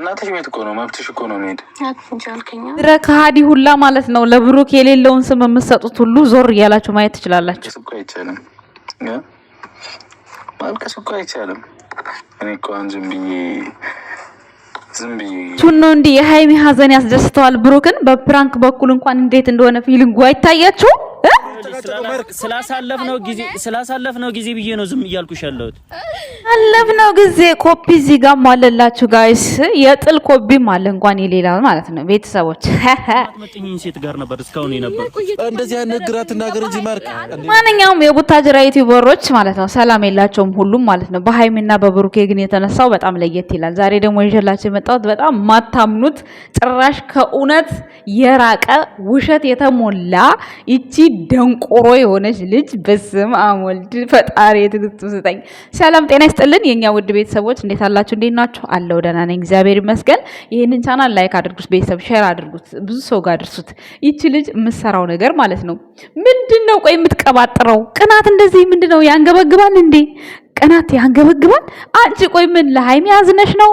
እናትሽ ቤት እኮ ነው መብትሽ እኮ ነው መሄድ። ድረ ከሀዲ ሁላ ማለት ነው። ለብሩክ የሌለውን ስም የምትሰጡት ሁሉ ዞር እያላችሁ ማየት ትችላላችሁ። እኮ አይቻልም፣ ማልቀስ እኮ አይቻልም። እኔ እኮ አሁን ብዬ ዝም ነው እንዲህ የሀይሚ ሀዘን ያስደስተዋል ብሩክን። በፕራንክ በኩል እንኳን እንዴት እንደሆነ ፊሊንጉ አይታያችሁ ስላሳለፍነው ጊዜ ስላሳለፍነው ጊዜ ብዬ ነው ዝም እያልኩሽ ያለሁት ነው ጊዜ ኮፒ እዚህ ጋር ማለላችሁ ጋይስ፣ የጥል ኮፒ ማለ እንኳን የሌላ ማለት ነው። ቤተሰቦች መጥኝኝ ሴት ጋር ነበር እስካሁን የነበር እንደዚህ አይነት ግራት እናገር እንጂ ማርክ፣ ማንኛውም የቡታጅራ ዩቲዩበሮች ማለት ነው ሰላም የላቸውም ሁሉም ማለት ነው። በሀይሚና በብሩኬ ግን የተነሳው በጣም ለየት ይላል። ዛሬ ደግሞ ይዤላችሁ የመጣሁት በጣም ማታምኑት ጭራሽ ከእውነት የራቀ ውሸት የተሞላ ይቺ ደንቆሮ የሆነች ልጅ በስም አሞልድ ፈጣሪ የትግስቱ ስጠኝ። ሰላም ጤና ይስጥልን የእኛ ውድ ቤተሰቦች፣ እንዴት አላችሁ? እንዴት ናችሁ? አለው ደህና ነኝ፣ እግዚአብሔር ይመስገን። ይህንን ቻናል ላይክ አድርጉት፣ ቤተሰብ ሼር አድርጉት፣ ብዙ ሰው ጋር አድርሱት። ይቺ ልጅ የምትሰራው ነገር ማለት ነው ምንድን ነው? ቆይ የምትቀባጥረው ቅናት እንደዚህ ምንድን ነው ያንገበግባል እንዴ? ቅናት ያንገበግባል። አንቺ ቆይ ምን ለሀይሚ ያዝነሽ ነው?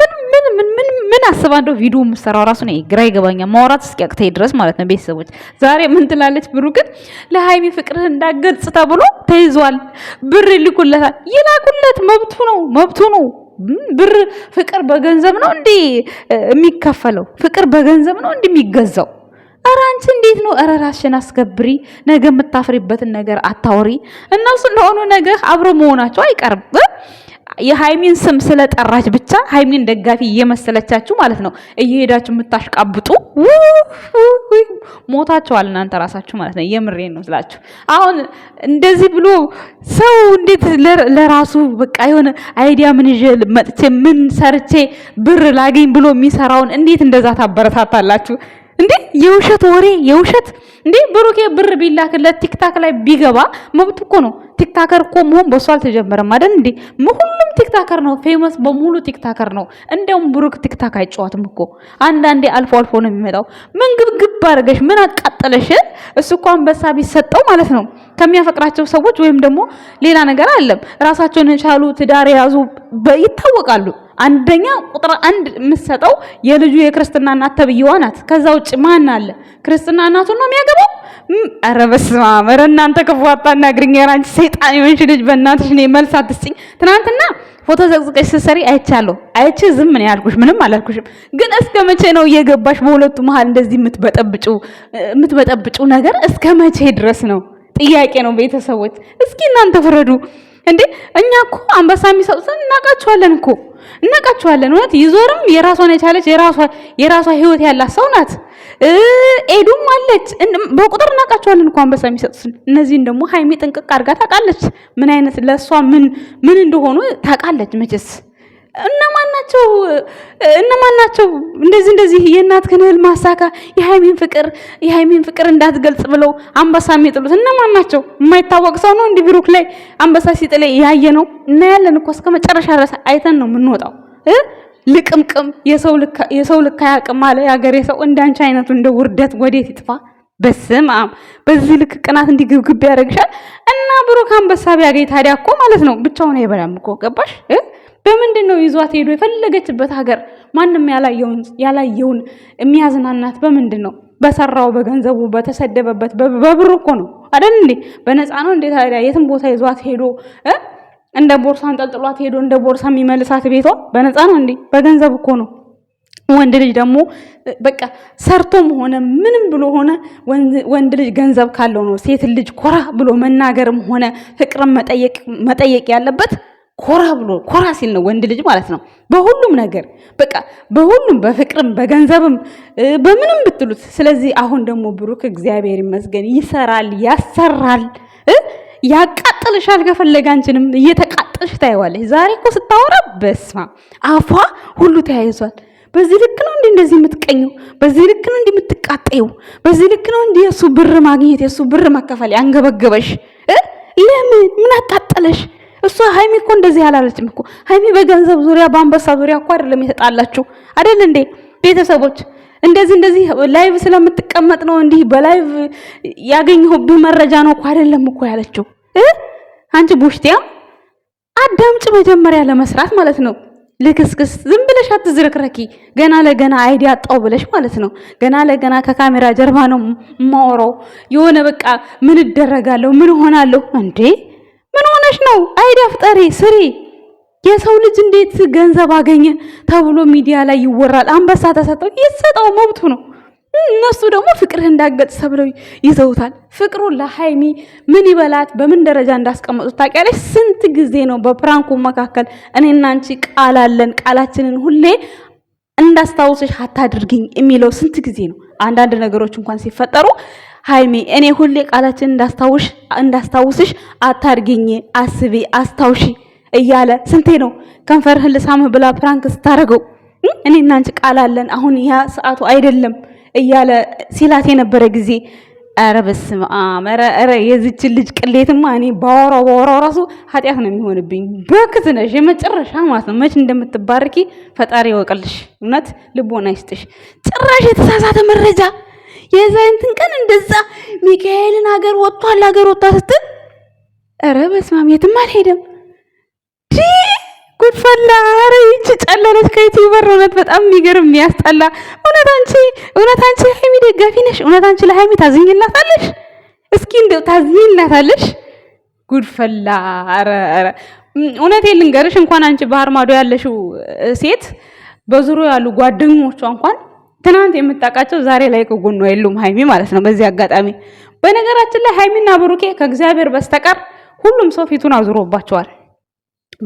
ምን ምን ምን ምን ምን አስባ እንደው ቪዲዮ የምሰራው ራሱ ነው ግራ ይገባኛል። ማውራት እስኪያቅተኝ ድረስ ማለት ነው። ቤተሰቦች ዛሬ ምን ትላለች? ብሩ ግን ለሀይሚ ፍቅርህ እንዳገልጽ ተብሎ ተይዟል። ብር ይልኩለታል። ይላኩለት፣ መብቱ ነው፣ መብቱ ነው። ብር ፍቅር በገንዘብ ነው እንዴ የሚከፈለው? ፍቅር በገንዘብ ነው እንዴ የሚገዛው? ኧረ አንቺ እንዴት ነው? እረ ራስሽን አስከብሪ። ነገ የምታፍሪበትን ነገር አታውሪ። እነሱ እንደሆኑ ነገ አብረው መሆናቸው አይቀርም። የሃይሚን ስም ስለጠራች ብቻ ሃይሚን ደጋፊ እየመሰለቻችሁ ማለት ነው እየሄዳችሁ የምታሽቃብጡ ሞታችኋል እናንተ ራሳችሁ ማለት ነው። የምሬን ነው ስላችሁ። አሁን እንደዚህ ብሎ ሰው እንዴት ለራሱ በቃ የሆነ አይዲያ ምን ይዤ መጥቼ ምን ሰርቼ ብር ላገኝ ብሎ የሚሰራውን እንዴት እንደዛ ታበረታታላችሁ? እንዴ የውሸት ወሬ የውሸት እንዴ ብሩኬ ብር ቢላክለት ቲክታክ ላይ ቢገባ መብት እኮ ነው። ቲክታከር እኮ መሆን በሱ አልተጀመረም አይደል እንዴ? ሁሉም ቲክታከር ነው። ፌመስ በሙሉ ቲክታከር ነው። እንደውም ብሩክ ቲክታክ አይጫወትም እኮ አንዳንዴ አልፎ አልፎ ነው የሚመጣው። ምን ግብግብ አድርገሽ ምን አቃጠለሽ? እሱ እኮ አንበሳ ቢሰጠው ማለት ነው ከሚያፈቅራቸው ሰዎች ወይም ደግሞ ሌላ ነገር አለም ራሳቸውን የቻሉ ትዳር የያዙ ይታወቃሉ። አንደኛ ቁጥር አንድ የምትሰጠው የልጁ የክርስትና እናት ተብዬዋ ናት። ከዛ ውጭ ማን አለ? ክርስትና እናቱን ነው የሚያገባው። ኧረ በስመ አብ! ኧረ እናንተ ክፉ አታናግሪኝ። ኧረ አንቺ ሰይጣን የሆንሽ ልጅ በእናትሽ እኔ መልስ አትስጪኝ። ትናንትና ፎቶ ዘቅዝቀሽ ስትሰሪ አይቻለሁ። አይቼ ዝም ነው ያልኩሽ፣ ምንም አላልኩሽም። ግን እስከ መቼ ነው እየገባሽ በሁለቱ መሀል እንደዚህ የምትበጠብጩ ነገር እስከ መቼ ድረስ ነው? ጥያቄ ነው ቤተሰቦች፣ እስኪ እናንተ ፍረዱ። እንዴ እኛ እኮ አንበሳ የሚሰጡትን እናውቃቸዋለን እኮ እናውቃቸዋለን። እውነት ይዞርም የራሷን የቻለች የራሷ ህይወት ያላት ሰው ናት። ኤዱም አለች። በቁጥር እናውቃቸዋለን እኮ አንበሳ የሚሰጡትን። እነዚህን ደግሞ ሀይሚ ጥንቅቅ አድርጋ ታውቃለች። ምን አይነት ለእሷ ምን ምን እንደሆኑ ታውቃለች መቼስ እነማናቸው እነማናቸው እንደዚህ እንደዚህ የእናትህን ህልም ማሳካ የሃይሚን ፍቅር የሃይሚን ፍቅር እንዳትገልጽ ብለው አንበሳ የሚጥሉት እነማናቸው? የማይታወቅ ሰው ነው እንዲህ ብሩክ ላይ አንበሳ ሲጥል ያየ ነው እናያለን እኮ እስከ መጨረሻ ድረስ አይተን ነው የምንወጣው። ልቅምቅም የሰው አለ ሰው። እንዳንቺ አይነቱ እንደ ውርደት ወዴት ይጥፋ? በስም በዚህ ልክ ቅናት ያደርግሻል። እና ብሩክ አንበሳ ቢያገኝ ታዲያ እኮ ማለት ነው ብቻውን አይበላም እኮ ገባሽ? በምንድን ነው ይዟት ሄዶ የፈለገችበት ሀገር ማንም ያላየውን የሚያዝናናት በምንድን ነው? በሰራው በገንዘቡ በተሰደበበት በብር እኮ ነው አይደል እንዴ? በነፃ ነው እንዴ ታዲያ የትም ቦታ ይዟት ሄዶ እንደ ቦርሳ አንጠልጥሏት ሄዶ እንደ ቦርሳ የሚመልሳት ቤቷ በነፃ ነው እንዴ? በገንዘብ እኮ ነው። ወንድ ልጅ ደግሞ በቃ ሰርቶም ሆነ ምንም ብሎ ሆነ ወንድ ልጅ ገንዘብ ካለው ነው ሴት ልጅ ኮራ ብሎ መናገርም ሆነ ፍቅርም መጠየቅ ያለበት ኮራ ብሎ ኮራ ሲል ነው ወንድ ልጅ ማለት ነው። በሁሉም ነገር በቃ በሁሉም በፍቅርም በገንዘብም በምንም ብትሉት። ስለዚህ አሁን ደግሞ ብሩክ እግዚአብሔር ይመስገን ይሰራል፣ ያሰራል፣ ያቃጥልሻል። ከፈለገ አንቺንም እየተቃጠልሽ ዛሬ እኮ ስታወራ በስማ አፏ ሁሉ ተያይዟል። በዚህ ልክ ነው እንዲህ እንደዚህ የምትቀኘው፣ በዚህ ልክ ነው እንዲህ የምትቃጠዩ፣ በዚህ ልክ ነው እንዲህ የእሱ ብር ማግኘት የእሱ ብር መከፈል ያንገበገበሽ። ለምን ምን አቃጠለሽ? እሷ ሀይሚ እኮ እንደዚህ አላለችም እኮ ሀይሚ በገንዘብ ዙሪያ በአንበሳ ዙሪያ እኮ አይደለም የተጣላችሁ አይደል እንዴ ቤተሰቦች እንደዚህ እንደዚህ ላይቭ ስለምትቀመጥ ነው እንዲህ በላይቭ ያገኘሁብህ መረጃ ነው እኮ አይደለም እኮ ያለችው አንቺ ቡሽቲያ አዳምጭ መጀመሪያ ለመስራት ማለት ነው ልክስክስ ዝም ብለሽ አትዝረክረኪ ገና ለገና አይዲ አጣው ብለሽ ማለት ነው ገና ለገና ከካሜራ ጀርባ ነው የማወራው የሆነ በቃ ምን እደረጋለሁ ምን ሆናለሁ እንዴ ሆነሽ ነው? አይደፍጠሪ ስሪ። የሰው ልጅ እንዴት ገንዘብ አገኘ ተብሎ ሚዲያ ላይ ይወራል። አንበሳ ተሰጠው ይሰጣው መብቱ ነው። እነሱ ደግሞ ፍቅር እንዳገጥ ተብለው ይዘውታል። ፍቅሩ ለሀይሚ ምን ይበላት በምን ደረጃ እንዳስቀመጡት ታውቂያለሽ? ስንት ጊዜ ነው በፕራንኩ መካከል እኔና አንቺ ቃል አለን፣ ቃላችንን ሁሌ እንዳስታውስሽ አታድርግኝ የሚለው ስንት ጊዜ ነው? አንዳንድ ነገሮች እንኳን ሲፈጠሩ ሀይሚ እኔ ሁሌ ቃላችን እንዳስታውስሽ አታርግኝ፣ አስቢ፣ አስታውሺ እያለ ስንቴ ነው ከንፈርህን ልሳምህ ብላ ፕራንክ ስታደርገው እኔ እናንቺ ቃል አለን፣ አሁን ያ ሰዓቱ አይደለም እያለ ሲላት የነበረ ጊዜ ኧረ በስመ አብ! ኧረ የዚችን ልጅ ቅሌትማ እኔ ባወራው ባወራው ራሱ ኃጢአት ነው የሚሆንብኝ። ነሽ የመጨረሻ ማለት ነው። መች እንደምትባርኪ ፈጣሪ ይወቅልሽ። እውነት ልቦና ይስጥሽ። ጭራሽ የተሳሳተ መረጃ የዛንትን ቀን እንደዛ ሚካኤልን ሀገር ወጥቷል ሀገር ወጥቷ ስትል ኧረ በስመ አብ የትም አልሄደም። ጉድፈላ አረ ይቺ ጨለለች ከዩቲዩበር እውነት በጣም የሚገርም የሚያስጠላ እውነት። አንቺ እውነት አንቺ ለሀይሚ ደጋፊ ነሽ? እውነት አንቺ ለሀይሚ ታዝኝላታለሽ? እስኪ እንደው ታዝኝላታለሽ? ጉድፈላ አረ አረ እውነት ልንገርሽ እንኳን አንቺ ባህር ማዶ ያለሽው ሴት በዙሪያው ያሉ ጓደኞቿ እንኳን ትናንት የምታውቃቸው ዛሬ ላይ ከጎኑ የሉም ሀይሚ ማለት ነው። በዚህ አጋጣሚ በነገራችን ላይ ሀይሚና ብሩኬ ከእግዚአብሔር በስተቀር ሁሉም ሰው ፊቱን አዙሮባቸዋል።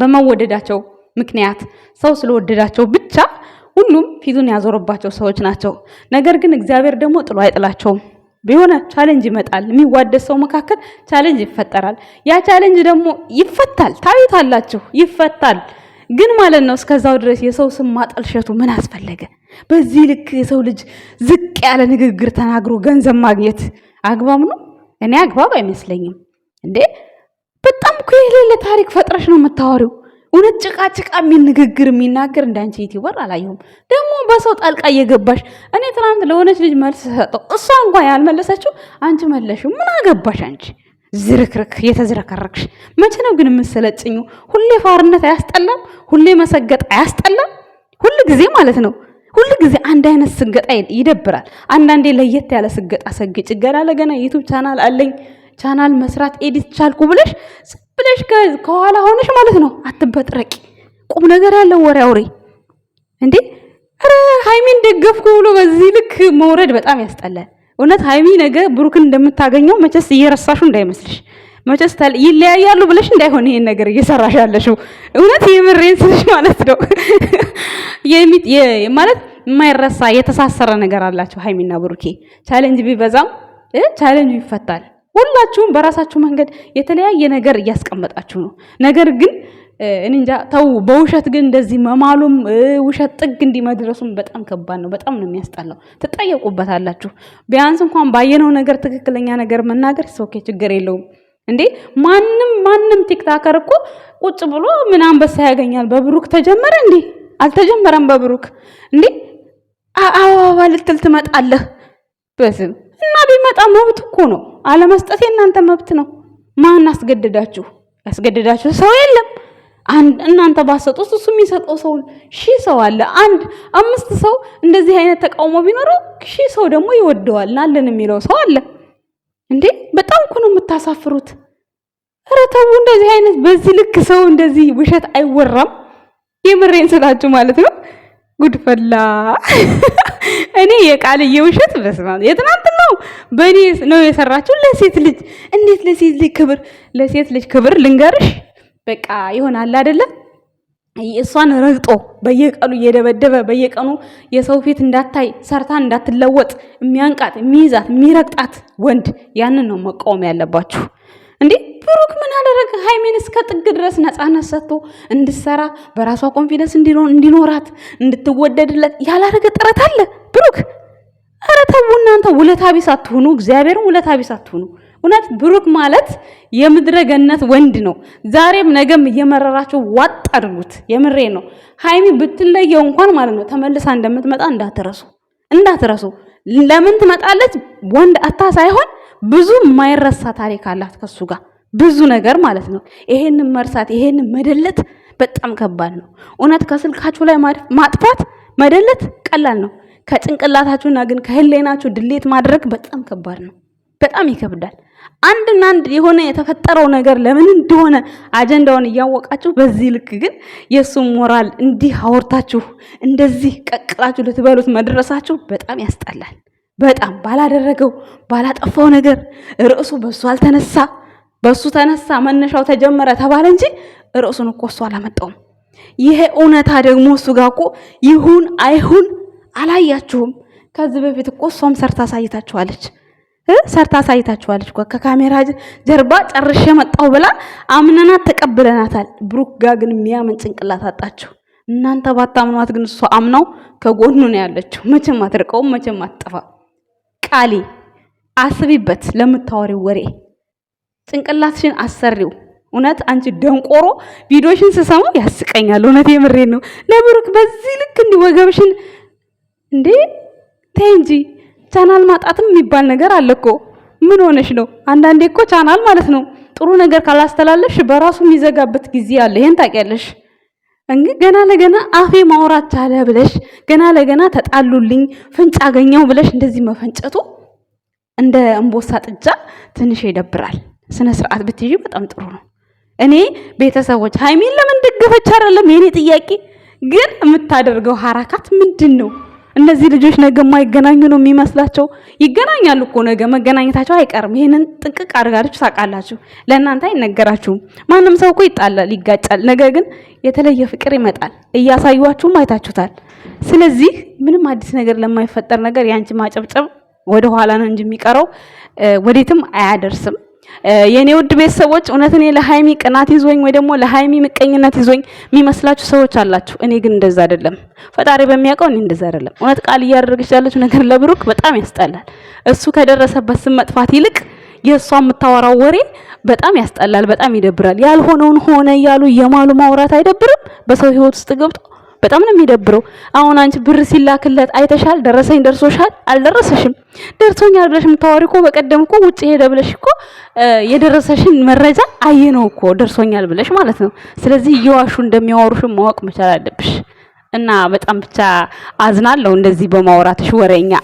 በመወደዳቸው ምክንያት ሰው ስለወደዳቸው ብቻ ሁሉም ፊቱን ያዞረባቸው ሰዎች ናቸው። ነገር ግን እግዚአብሔር ደግሞ ጥሎ አይጥላቸውም። የሆነ ቻሌንጅ ይመጣል። የሚዋደድ ሰው መካከል ቻሌንጅ ይፈጠራል። ያ ቻሌንጅ ደግሞ ይፈታል። ታዩታላችሁ፣ ይፈታል። ግን ማለት ነው እስከዛው ድረስ የሰው ስም ማጠልሸቱ ምን አስፈለገ? በዚህ ልክ የሰው ልጅ ዝቅ ያለ ንግግር ተናግሮ ገንዘብ ማግኘት አግባብ ነው? እኔ አግባብ አይመስለኝም። እንዴ በጣም እኮ የሌለ ታሪክ ፈጥረሽ ነው የምታወሪው። እውነት ጭቃ ጭቃ የሚል ንግግር የሚናገር እንዳንቺ ዩቲዩበር አላየሁም። ደግሞ በሰው ጣልቃ እየገባሽ እኔ ትናንት ለሆነች ልጅ መልስ ሰጠው፣ እሷ እንኳን ያልመለሰችው አንቺ መለሽው። ምን አገባሽ አንቺ ዝርክርክ የተዝረከረክሽ መቼ ነው ግን የምሰለጭኙ? ሁሌ ፋርነት አያስጠላም? ሁሌ መሰገጥ አያስጠላም? ሁል ጊዜ ማለት ነው ሁሉ ጊዜ አንድ አይነት ስገጣ ይደብራል። አንዳንዴ ለየት ያለ ስገጣ ሰግጭ። ገና ለገና ዩቱብ ቻናል አለኝ ቻናል መስራት ኤዲት ቻልኩ ብለሽ ብለሽ ከኋላ ሆነሽ ማለት ነው። አትበጥረቂ። ቁም ነገር ያለው ወሬ አውሪ እንዴ! ኧረ ሃይሚን ደገፍኩ ብሎ በዚህ ልክ መውረድ በጣም ያስጠላል። እውነት ሃይሚ ነገ ብሩክን እንደምታገኘው መቼስ እየረሳሹ እንዳይመስልሽ። መቸስ ይለያያሉ ብለሽ እንዳይሆን ይሄን ነገር እየሰራሽ ያለሽው እውነት የምሬን ስልሽ ማለት ነው። የሚት ማለት የማይረሳ የተሳሰረ ነገር አላቸው ሀይሚና ብሩኬ። ቻሌንጅ ቢበዛም ቻሌንጅ ይፈታል። ሁላችሁም በራሳችሁ መንገድ የተለያየ ነገር እያስቀመጣችሁ ነው። ነገር ግን እንጃ ተው፣ በውሸት ግን እንደዚህ መማሉም ውሸት ጥግ እንዲመድረሱም በጣም ከባድ ነው። በጣም ነው የሚያስጠላው። ትጠየቁበታላችሁ። ቢያንስ እንኳን ባየነው ነገር ትክክለኛ ነገር መናገር ኦኬ፣ ችግር የለውም እንዴ ማንም ማንም ቲክታከር እኮ ቁጭ ብሎ ምን አንበሳ ያገኛል? በብሩክ ተጀመረ እንዴ? አልተጀመረም። በብሩክ እንዴ አበባ ልትል ትመጣለህ። በስም እና ቢመጣ መብት እኮ ነው። አለመስጠት የእናንተ መብት ነው። ማን አስገድዳችሁ? ያስገድዳችሁ ሰው የለም። እናንተ ባሰጡት እሱ የሚሰጠው ሰው ሺህ ሰው አለ። አንድ አምስት ሰው እንደዚህ አይነት ተቃውሞ ቢኖረው ሺህ ሰው ደግሞ ይወደዋል ናለን የሚለው ሰው አለ። እንዴ በጣም እኮ ነው የምታሳፍሩት። ኧረ ተው እንደዚህ አይነት በዚህ ልክ ሰው እንደዚህ ውሸት አይወራም። የምሬን ስላችሁ ማለት ነው። ጉድፈላ እኔ የቃል የውሸት በስማ የትናንት ነው በእኔ ነው የሰራችው። ለሴት ልጅ እንዴት ለሴት ልጅ ክብር ለሴት ልጅ ክብር ልንገርሽ፣ በቃ ይሆናል አይደለም እሷን ረግጦ በየቀኑ እየደበደበ በየቀኑ የሰው ፊት እንዳታይ ሰርታ እንዳትለወጥ የሚያንቃት የሚይዛት የሚረግጣት ወንድ ያንን ነው መቃወም ያለባችሁ። እንዴ ብሩክ ምን አደረገ? ሃይሜን እስከ ጥግ ድረስ ነፃነት ሰጥቶ እንድትሰራ በራሷ ኮንፊደንስ እንዲኖራት እንድትወደድለት ያላረገ ጥረት አለ ብሩክ? ኧረ ተው እናንተ ውለታ ቢስ አትሁኑ። እግዚአብሔርን ውለታ ቢስ አትሁኑ። እውነት ብሩክ ማለት የምድረ ገነት ወንድ ነው። ዛሬም ነገም እየመረራቸው ዋጥ አድርጉት። የምሬ ነው። ሀይሚ ብትለየው እንኳን ማለት ነው ተመልሳ እንደምትመጣ እንዳትረሱ እንዳትረሱ። ለምን ትመጣለች? ወንድ አታ ሳይሆን ብዙ የማይረሳ ታሪክ አላት ከሱ ጋር ብዙ ነገር ማለት ነው። ይሄንን መርሳት ይሄንን መደለት በጣም ከባድ ነው እውነት። ከስልካችሁ ላይ ማጥፋት መደለት ቀላል ነው። ከጭንቅላታችሁና ግን ከህሌናችሁ ድሌት ማድረግ በጣም ከባድ ነው። በጣም ይከብዳል። አንድና አንድ የሆነ የተፈጠረው ነገር ለምን እንደሆነ አጀንዳውን እያወቃችሁ በዚህ ልክ ግን የሱ ሞራል እንዲህ አወርታችሁ እንደዚህ ቀቅላችሁ ልትበሉት መድረሳችሁ በጣም ያስጠላል። በጣም ባላደረገው ባላጠፋው ነገር ርዕሱ በእሱ አልተነሳ በእሱ ተነሳ መነሻው ተጀመረ ተባለ እንጂ ርዕሱን እኮ እሱ አላመጣውም። ይሄ እውነታ ደግሞ እሱ ጋር እኮ ይሁን አይሁን አላያችሁም። ከዚህ በፊት እኮ እሷም ሰርታ አሳይታችኋለች። ሰርታ አሳይታችኋለች እኮ ከካሜራ ጀርባ ጨርሼ መጣሁ ብላ አምነናት ተቀብለናታል። ብሩክ ጋ ግን የሚያምን ጭንቅላት አጣችሁ እናንተ ባታምኗት፣ ግን እሷ አምነው ከጎኑ ነው ያለችው። መቼም አትርቀውም፣ መቼም አትጠፋ። ቃሊ አስቢበት፣ ለምታወሪው ወሬ ጭንቅላትሽን አሰሪው። እውነት አንቺ ደንቆሮ ቪዲዮሽን ስሰማ ያስቀኛል። እውነት የምሬን ነው። ለብሩክ በዚህ ልክ እንዲወገብሽን እንዴ ተይ እንጂ ቻናል ማጣትም የሚባል ነገር አለ እኮ። ምን ሆነሽ ነው? አንዳንዴ እኮ ቻናል ማለት ነው ጥሩ ነገር ካላስተላለፍሽ በራሱ የሚዘጋበት ጊዜ አለ። ይሄን ታውቂያለሽ። እንግ ገና ለገና አፌ ማውራት ቻለ ብለሽ ገና ለገና ተጣሉልኝ ፍንጭ አገኘው ብለሽ እንደዚህ መፈንጨቱ እንደ እንቦሳ ጥጃ ትንሽ ይደብራል። ስነ ስርዓት ብትይዥ በጣም ጥሩ ነው። እኔ ቤተሰቦች ሀይሚን ለምን ደገፈች አይደለም የኔ ጥያቄ፣ ግን የምታደርገው ሀራካት ምንድን ነው? እነዚህ ልጆች ነገ የማይገናኙ ነው የሚመስላቸው። ይገናኛሉ እኮ ነገ መገናኘታቸው አይቀርም። ይህንን ጥንቅቅ አድርጋችሁ ታውቃላችሁ። ለእናንተ አይነገራችሁም። ማንም ሰው እኮ ይጣላል፣ ይጋጫል። ነገር ግን የተለየ ፍቅር ይመጣል። እያሳዩችሁም አይታችሁታል። ስለዚህ ምንም አዲስ ነገር ለማይፈጠር ነገር ያንቺ ማጨብጨብ ወደ ኋላ ነው እንጂ የሚቀረው ወዴትም አያደርስም። የኔ ውድ ቤተሰቦች እውነት እኔ ለሀይሚ ቅናት ይዞኝ ወይ ደግሞ ለሀይሚ ምቀኝነት ይዞኝ የሚመስላችሁ ሰዎች አላችሁ። እኔ ግን እንደዛ አይደለም፣ ፈጣሪ በሚያውቀው እኔ እንደዛ አይደለም። እውነት ቃል እያደረገች ያለችው ነገር ለብሩክ በጣም ያስጠላል። እሱ ከደረሰበት ስም መጥፋት ይልቅ የእሷ የምታወራው ወሬ በጣም ያስጠላል፣ በጣም ይደብራል። ያልሆነውን ሆነ እያሉ የማሉ ማውራት አይደብርም? በሰው ህይወት ውስጥ ገብቶ በጣም ነው የሚደብረው። አሁን አንቺ ብር ሲላክለት አይተሻል? ደረሰኝ ደርሶሻል? አልደረሰሽም? ደርሶኝ አልደረሽም የምታወሪው እኮ በቀደም እኮ ውጭ ሄደ ብለሽ እኮ የደረሰሽን መረጃ አየነው እኮ ደርሶኛል ብለሽ ማለት ነው። ስለዚህ እየዋሹ እንደሚያወሩሽን ማወቅ መቻል አለብሽ። እና በጣም ብቻ አዝናለሁ እንደዚህ በማውራትሽ ወሬኛ